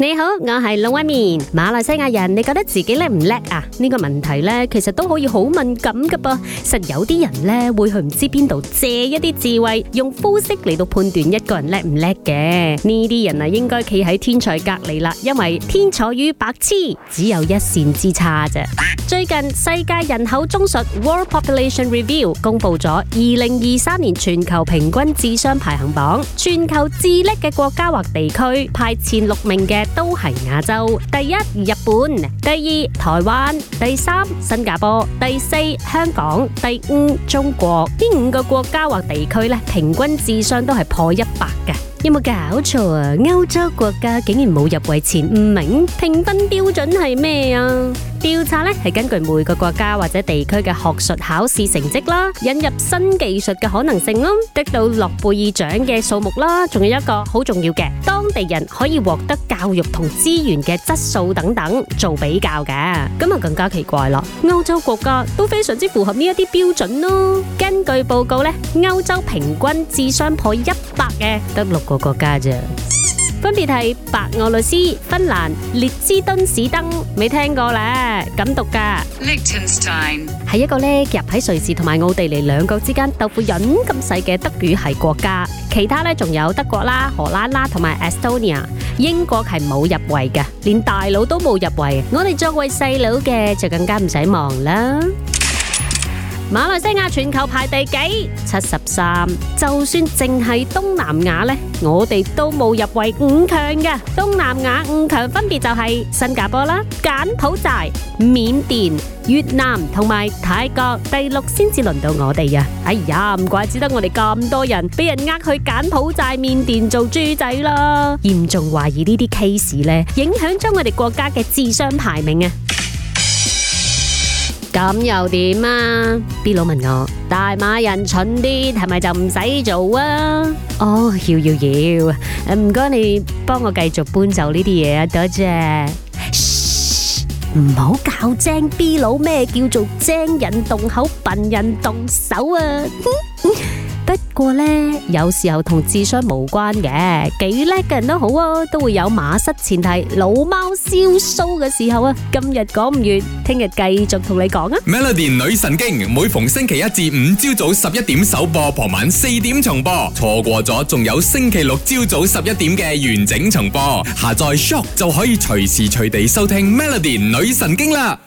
你好，我係龍紋敏。馬來西亞人，你覺得自己叻唔叻啊？呢、這個問題呢，其實都可以好敏感噶噃。實有啲人呢，會去唔知邊度借一啲智慧，用膚色嚟到判斷一個人叻唔叻嘅。呢啲人啊，應該企喺天才隔離啦，因為天才與白痴只有一線之差啫。最近世界人口綜述 （World Population Review） 公布咗二零二三年全球平均智商排行榜，全球智叻嘅國家或地區排前六名嘅。都係亞洲第一，日本第二，台灣第三，新加坡第四，香港第五，中國。呢五個國家或地區咧，平均智商都係破一百㗎。有冇搞錯啊？歐洲國家竟然冇入圍前五名，評分標準係咩啊？調查咧係根據每個國家或者地區嘅學術考試成績啦，引入新技術嘅可能性咯，得到諾貝爾獎嘅數目啦，仲有一個好重要嘅，當地人可以獲得教育同資源嘅質素等等做比較嘅，咁啊更加奇怪咯。歐洲國家都非常之符合呢一啲標準咯。根據報告咧，歐洲平均智商破一百嘅得六個國家啫。分別係白俄羅斯、芬蘭、列支敦士登，未聽過咧？咁讀㗎，Liechtenstein 係一個呢，夾喺瑞士同埋奧地利兩國之間豆腐膶咁細嘅德語系國家。其他呢，仲有德國啦、荷蘭啦同埋 Estonia。英國係冇入圍嘅，連大佬都冇入圍。我哋作為細佬嘅就更加唔使忙啦。馬來西亞全球排第幾？七十三。就算淨係東南亞咧，我哋都冇入圍五強嘅。東南亞五強分別就係新加坡啦、柬埔寨、緬甸、越南同埋泰國。第六先至輪到我哋啊！哎呀，唔怪之得我哋咁多人俾人呃去柬埔寨、緬甸做豬仔啦！嚴重懷疑呢啲 case 咧，影響咗我哋國家嘅智商排名啊！咁又點啊？B 佬問我，大馬人蠢啲，係咪就唔使做啊？哦，oh, 要要要，唔該你幫我繼續搬走呢啲嘢啊，多謝，謝。唔好教精 B 佬咩叫做精人動口，笨人動手啊！嗯不過呢，有時候同智商無關嘅，幾叻嘅人都好啊，都會有馬失前蹄、老貓燒鬚嘅時候啊。今日講唔完，聽日繼續同你講啊。Melody 女神經每逢星期一至五朝早十一點首播，傍晚四點重播，錯過咗仲有星期六朝早十一點嘅完整重播。下載 Syok 就可以隨時隨地收聽 Melody 女神經啦。